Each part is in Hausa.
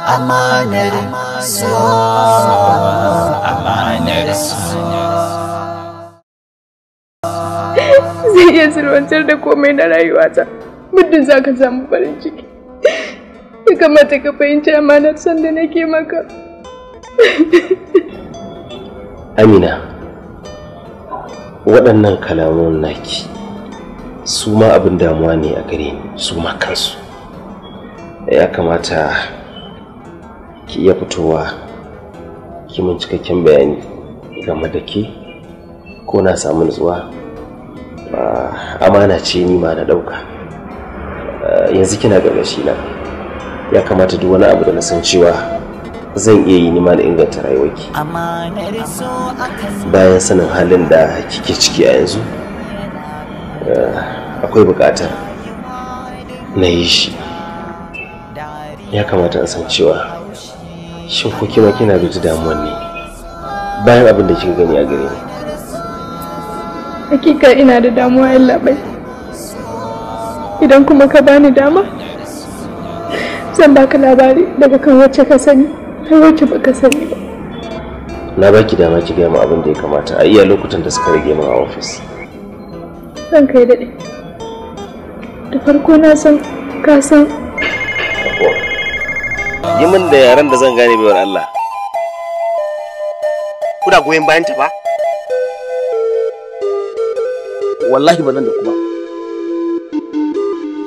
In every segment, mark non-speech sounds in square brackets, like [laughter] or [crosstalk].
zai iya zirwantar da komai na rayuwata muddin za ka samu farin ciki ya kamata ka fahimci amanar son da nake maka amina waɗannan kalamun naki su ma abin damuwa ne a gare ni su ma kansu ya kamata ki iya fitowa ki mun cikakken bayani game da ke ko na samu nutsuwa amana ce ni ma na ɗauka eh, yanzu kina shi na ya kamata duk wani abu da na san cewa zan iya yi nima da inganta rayuwarki bayan sanin halin da kike ciki a yanzu eh, akwai buƙatar na yi shi ya kamata na san cewa shin ko kima kina da ji damuwan ne bayan abin da kika gani a gare ni hakika ina da damuwa yan labai idan kuma ka bani dama zan baka labari daga kan wacce ka sani har wacce baka sani ba na baki dama ki gaya mu abin da ya kamata a iya lokutan da suka rage min a ofis zan kai daɗi. da farko na san ka san yi min da yaren da zan gane baiwar Allah kuna goyon bayan ta ba wallahi ba nan da kuma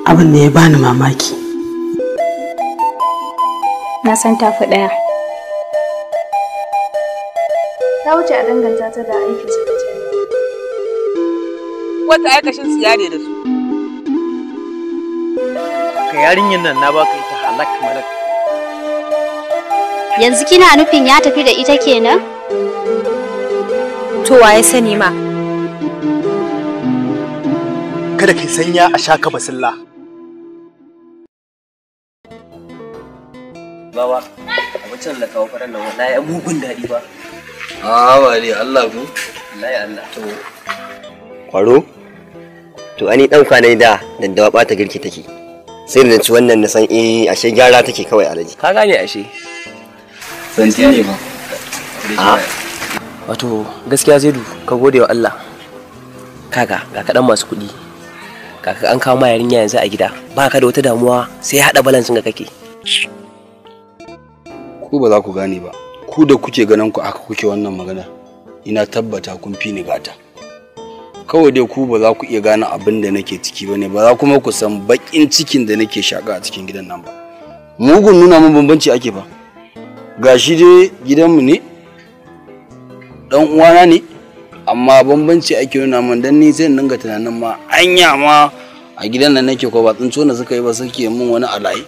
abin da ya bani mamaki na san tafi ɗaya ta wuce a danganta ta da aikin su da wata aikashin su yare da su ka yarinyin nan na baka ita halakka malakka. yanzu kina nufin ya tafi da ita kenan? To waye sani ma. Kada ki sanya a sha basilla. Baba, abincin da kawo faran nan wallahi mugun daɗi ba. Ah, ba ne Allah ku? Wallahi Allah. To. Kwaro? To ani dan kwana da daddawa ɓata girki take. Sai da ci wannan na san eh ashe gyara take kawai alaji. Ka gane ashe. ban ji ne ba wato gaskiya zaidu ka gode wa Allah kaga ga kaɗan masu kuɗi kaka an kawo ma yarinya yanzu a gida ba ka da wata damuwa sai haɗa balansin ga kake ku ba za ku gane ba ku da kuke ganin ku aka kuke wannan magana ina tabbata kun fi ni gata kawai dai ku ba za ku iya gane abin da nake ciki ba ne ba za kuma ku san baƙin cikin da nake shaƙa a cikin gidan nan ba mugun nuna min bambanci ake ba ga shi dai gidanmu ne dan uwana ne amma bambanci ake nuna min dan ni sai dinga tunanin ma anya ma a gidan nan nake ko ba tsinto na suka yi ba suke min wani alai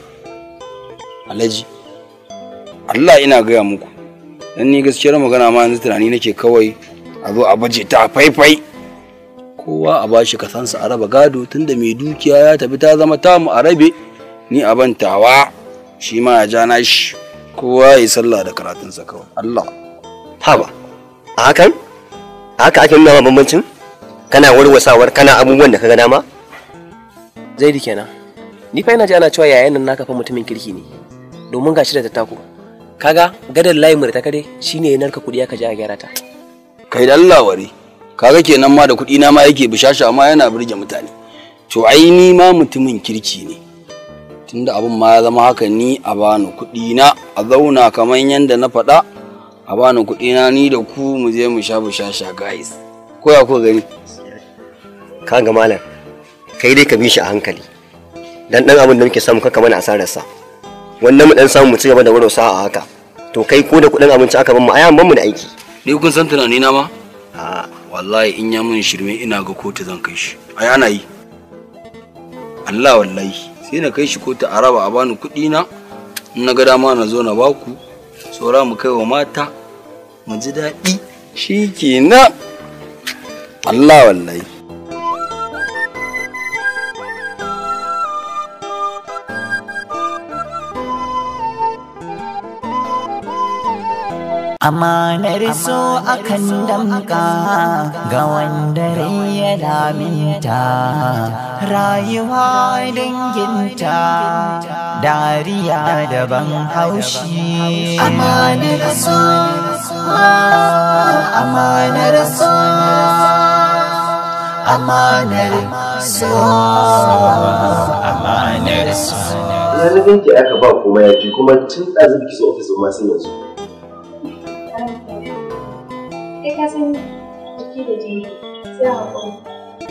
alaji Allah ina gaya muku dan ni gaskiyar magana ma yanzu tunani nake kawai a zo a baje ta faifai kowa a bashi kasansa a raba gado tunda mai dukiya ya tafi ta zama tamu a rabe ni a bantawa shi ma ya ja na shi kowa ya sallah da karatunsa kawai Allah ba? a hakan A haka ake nuna bambancin kana warwasawar kana abubuwan da kaga dama da kenan ni fa ina ji ana cewa yayan nan naka fa mutumin kirki ne domin gashi da tattako kaga gadar layin mu da takare shine ya narka kudi aka ji a gyara ta kai da Allah wari kaga kenan ma da kudi na ma yake bishasha ma yana burge mutane to ai ni ma mutumin kirki ne tunda abin ma ya zama haka ni a bani kuɗi na a zauna kamar yadda na faɗa a bani kuɗi na ni da ku mu je mu sha busha sha guys ko ya ko gani ka ga malam kai dai ka bi shi a hankali dan dan abin da muke samu kaka mana asarar sa wannan mu dan samu mu ci gaba da wuro sa a haka to kai ko da kuɗin abinci aka ban mu ayan ban mu da aiki ni kun san tunani na ma a wallahi in ya mun shirme ina ga kotu zan kai shi ai ana yi Allah wallahi sai na kai shi kotu a araba a bani kuɗi na in na ga dama na zo na baku tsora mu kai wa mata mu ji daɗi shikenan kenan Allah wallahi amanar so akan damka ga wanda ya daminta, rayuwa danginta dariya daban haushi amanar so amanar so amanar so na riso lalibin ke aka ba kuma ya kuma tun ɗazin kisa ofis ma sun yanzu kai ka san jiki da jini sai haƙuri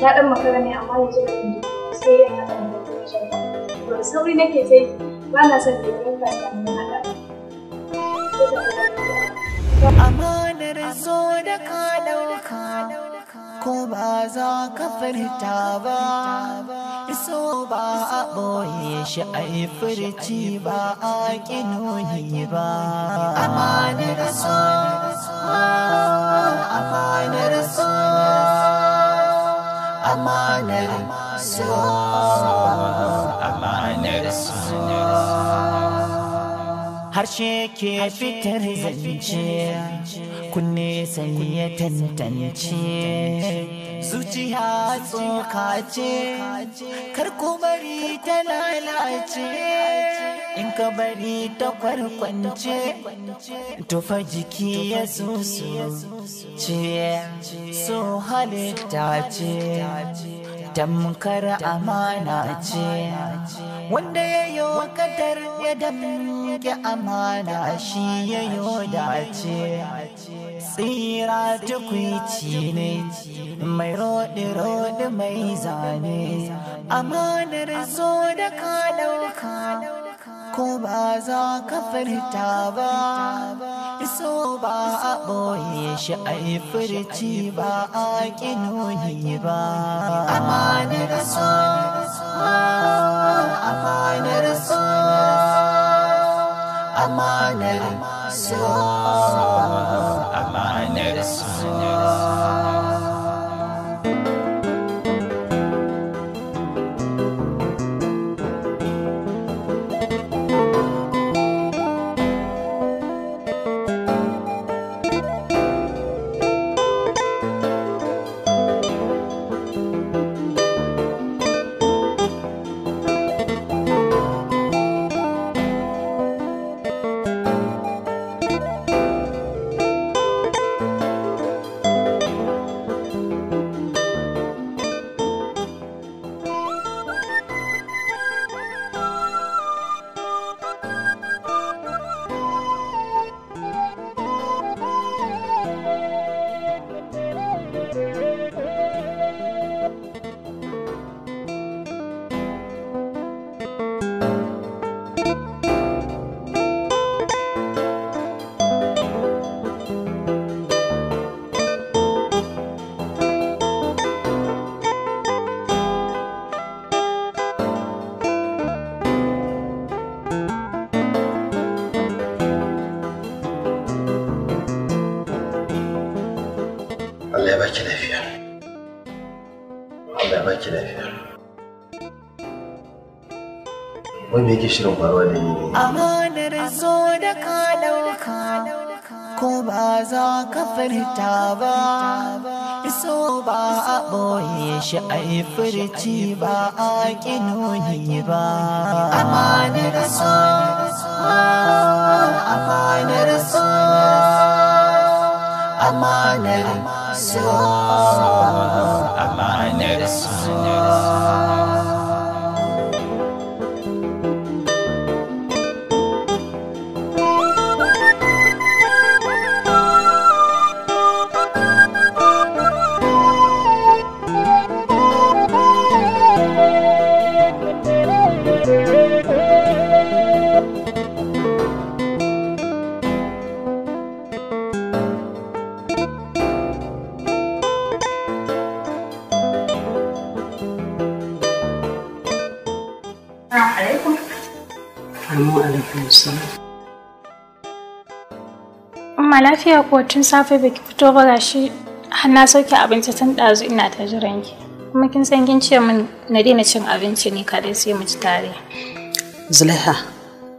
na ɗan makara ne amma yanzu da kuma sai ya haɗa da mutum to sauri nake ta ba na son da yin ba haɗa Amanar zo da ka ɗauka ko ba za ka furta ba. so ba a boye shi a yi furci ba a ƙi ba amanar so amanar so amanar so amanar so harshe ke fitar zance kunne ya tantance zuciya tsoka ce kar ku bari ta lalace in ka bari ta kwarkwance tufa jiki ya susu ce so halitta ce tamkar amana ce wanda ya yi kadar ya damke amana shi ya yi dace tsira tukwici ne mai rodi rodi mai zane amanar zo da ka ɗauka ko ba za ka furta ba so ba a ɓoye shi a yi furci ba a ƙinoni ba amanar so amanar so amanar so amanar so Wai me yake shirin faruwa da ni ne? da zo da ka ɗauka ko ba za ka furta ba. So ba a ɓoye shi a yi furci ba a ƙinoni ba. da so, amanar so, amanar so, amanar so. lafiya kuwa tun safe baki fito ba gashi har na sauke abinci tun ɗazu ina ta jiran ki. Kuma kin san kin ce min na daina cin abinci ne kaɗai sai mu ci tare. Zulaiha,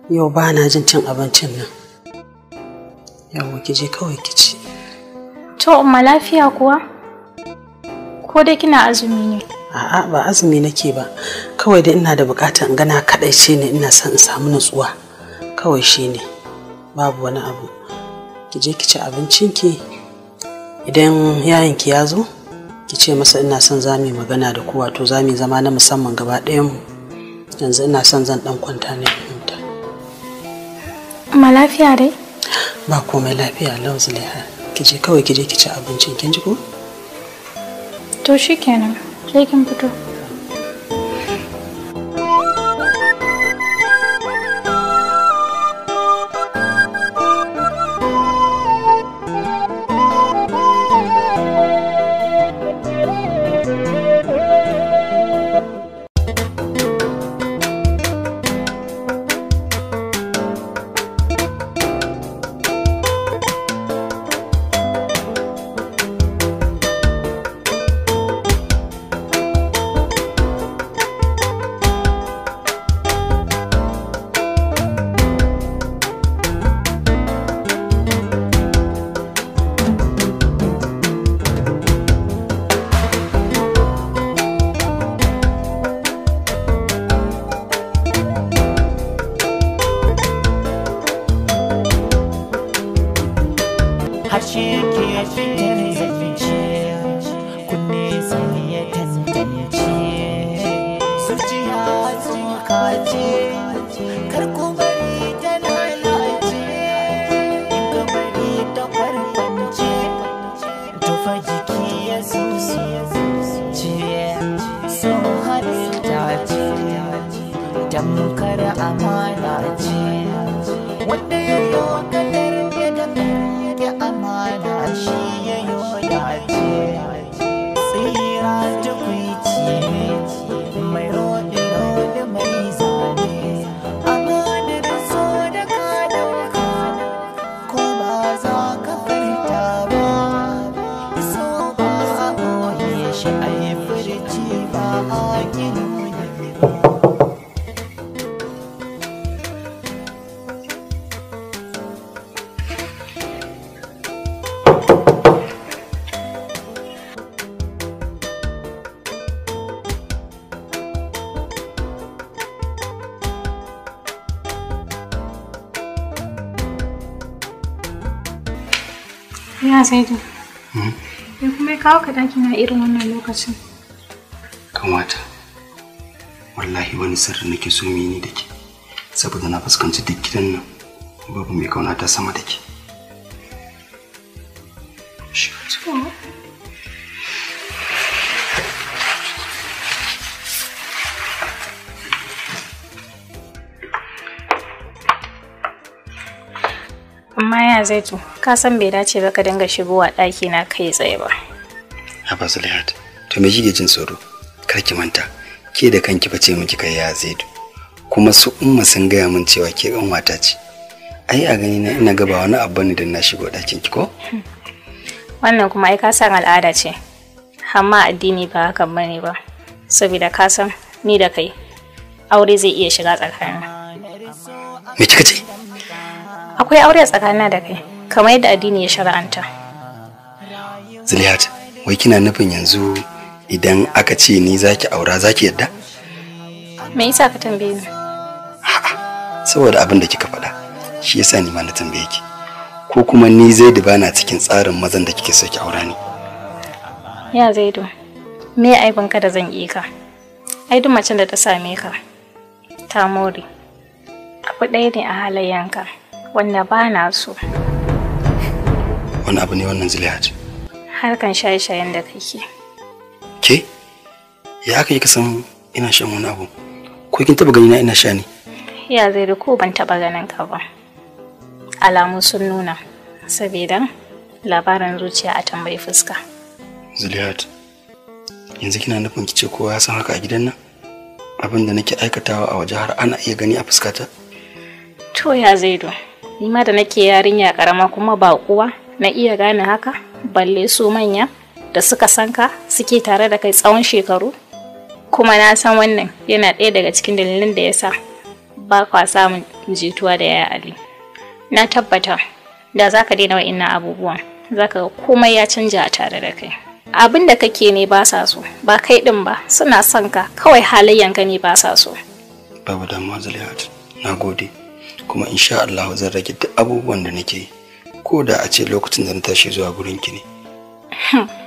yau ba na jin cin abincin nan. yawo ki je kawai ki ci. To, amma lafiya kuwa? Ko dai kina azumi ne? A'a ba azumi nake ba. Kawai dai ina da bukata in gana kaɗai ce ne ina son in samu nutsuwa. Kawai shi ne. Babu wani abu. ki je ki ci abincinki idan yayinki ya zo ki ce masa ina son za mu magana da ku wato za mu zama na musamman gaba ɗayan yanzu ina son zan ɗan kwanta ne Ma lafiya dai? Ba komai lafiya lau zuliha ki je kawai ki je ki ci abincin kin ji ko? To shikenan sai kin fito. 愛於愛侶。Ya zaidu. Hmm? Ya kuma ya kawo ka daki na irin wannan lokacin. kamata wallahi wani sirri nake so mu ni da ke saboda na fuskanci duk gidan nan babu mai kauna ta sama da ke amma ya zaitu ka san bai dace ba ka dinga shigowa ɗaki na kai tsaye ba Haba Zulaihat, to me kike jin tsoro? kar ki manta ke da kanki ba ce miki kai ya zaidu kuma su umma sun gaya min cewa ke ɗan wata ce ai a gani na ina gaba wani abu ne da na shigo ɗakin ki ko wannan kuma ai kasan al'ada ce amma addini ba hakan bane ba saboda kasan ni da kai aure zai iya shiga tsakanin me kika ce akwai aure a tsakanin da kai kamar yadda addini ya shara'anta zuliyat wai kina nufin yanzu idan aka ce ni zaki aura zaki yadda me yasa ka tambaye ni saboda abin da kika faɗa shi yasa ni ma na tambaye ki ko kuma ni zaidu bana cikin tsarin mazan da kike so ki aura ni ya zaidu me aibin ka da zan yi ka ai duk macen da ta same ka ta more abu ɗaya ne a halayyanka wanda ba na so wani abu ne wannan zilihat harkan shaye-shayen da kake Ke? Ya aka yi ka ina shan wani abu? Ko kin taba gani na ina sha ne? Ya zai da ko ban taba ganin ka ba. Alamu sun nuna saboda labarin zuciya a tambayi fuska. Zuliyat, yanzu kina nufin ki ce kowa ya san haka a gidan nan? Abin da nake aikatawa a waje har ana iya gani a fuskata? To ya zaido, ni ma da nake yarinya karama kuma ba kuwa na iya gane haka, balle su manya. da suka san ka suke tare da kai tsawon shekaru kuma na san wannan yana ɗaya daga cikin dalilin da ya sa ba kwa samun jituwa da yaya ali na tabbata da za ka daina wa'innan abubuwan za ka komai ya canja a tare da kai abin da kake ne ba sa so ba kai ɗin ba suna son ka kawai halayyan ka ne ba sa so babu damuwa zalihat na gode kuma insha Allah zan rage duk abubuwan da nake yi ko da a ce lokacin da na tashi zuwa gurin ki ne [laughs]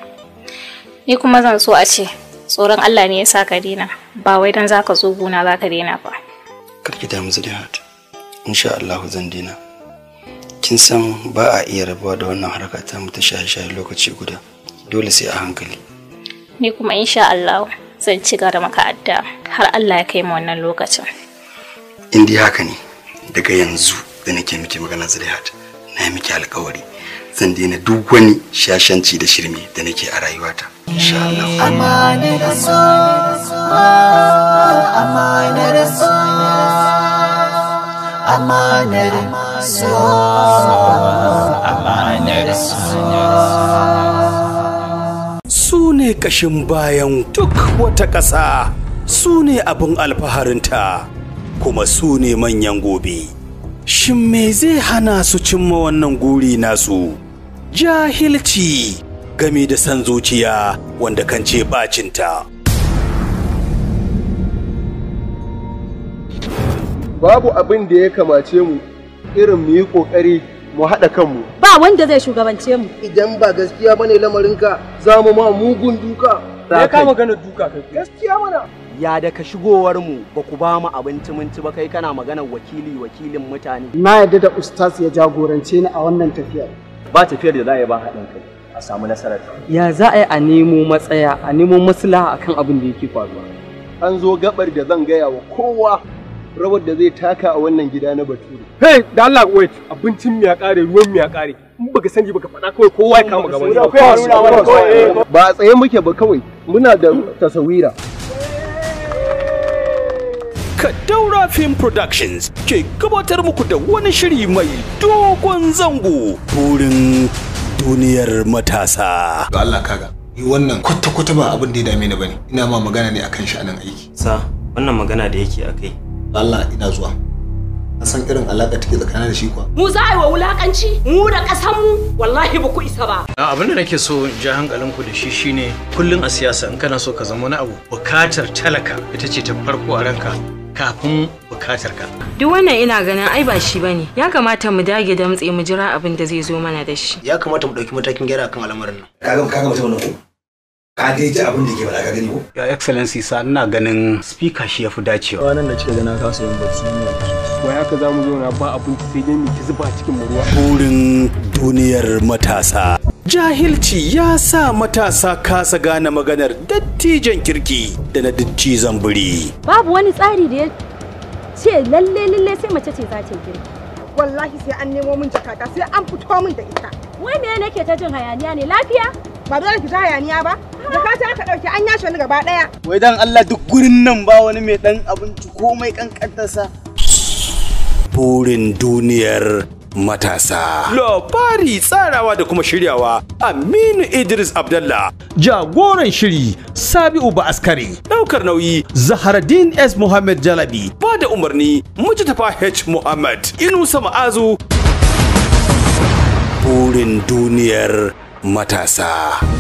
ni kuma zan so a ce tsoron Allah ne ya sa ka daina ba wai dan zaka zo gona zaka ka daina ba karki da mu zulihat insha Allah zan daina kin san ba a iya rabuwa da wannan harka ta mu ta shaye-shaye lokaci guda dole sai a hankali ni kuma insha Allah zan ci gaba maka adda har Allah ya kai mu wannan lokacin in dai haka ne daga yanzu da nake miki magana zulihat na yi miki alkawari zan daina duk wani shashanci da shirme da nake a rayuwata Amanar Su ne kashin bayan duk wata ƙasa, su ne abin alfaharinta, kuma su ne manyan gobe. Shin me zai hana su cimma wannan guri nasu? Jahilci. gami da san zuciya wanda kan ce bacinta. Babu abin da ya kamace mu irin mu yi ƙoƙari mu haɗa kanmu. Ba wanda zai shugabance mu. Idan ba gaskiya bane lamarinka za mu ma mugun duka. Ya kama gana duka kai. Gaskiya mana. ya ka shigowar mu ba ku ba mu abinci minti ba kai kana maganar wakili wakilin mutane na yadda da ustaz ya jagorance ni a wannan tafiyar ba tafiyar da za a yi ba haɗin kai a samu nasarar ya za a yi a nemo matsaya a nemo maslaha akan abin da yake faruwa an zo gabar da zan gaya wa kowa rawar da zai taka a wannan gida na bature hey da Allah wait abincin miya kare ruwan miya kare in baka sani baka faɗa kawai kowa ya kama gaba ba a tsaye muke ba kawai muna da tasawira Kadaura Film Productions ke gabatar muku da wani shiri mai dogon zango burin duniyar matasa. Ga Allah kaga, yi wannan kwata-kwata ba abin da ya dame ni bane. Ina ma magana ne akan sha'anin aiki. Sa, wannan magana da yake a akai. Allah ina zuwa. Na san irin alaƙa take tsakanin da shi kuwa. Mu za a yi wa wulaƙanci, mu da mu, wallahi ba ku isa ba. Abin da nake so in ja ku da shi shine kullum a siyasa in kana so ka zama wani abu bukatar talaka ita ce ta farko a ranka. kafin bukatar ka. Duk wannan ina ganin ai ba shi bane. Ya kamata mu dage damtse mu jira abin da zai zo mana da shi. Ya kamata mu dauki matakin gyara kan al'amarin nan. ka ga mutum nan ko. Ka dai ji abin da ke faɗa ka gani ko? Ya excellency sa ina ganin speaker shi yafi dacewa. Wannan da cika gana ka sayan bacci ne. ya ka za mu na ba abinci sai dai mu ki zuba cikin ruwa. Burin duniyar matasa. jahilci ya sa matasa kasa gane maganar dattijan kirki da na dattijan biri. Babu wani tsari da ya ce lalle lalle sai mace ce za ta girki. Wallahi sai an nemo min jakata sai an fito min da ita. Wai me nake ta jin hayaniya ne lafiya? Ba dole ki ta hayaniya ba. Jakata aka ɗauki an yashe ni gaba daya. Wai dan Allah duk gurin nan ba wani mai dan abinci komai kankantarsa. Burin duniyar matasa. Labari tsarawa da kuma shiryawa Aminu Idris Abdallah. Jagoran shiri sabi uba askari. Daukar nauyi Zaharaddin S. Muhammad Jalabi. Ba da umarni Mujtafa H. Muhammad. Inusa Ma'azu. Burin duniyar matasa.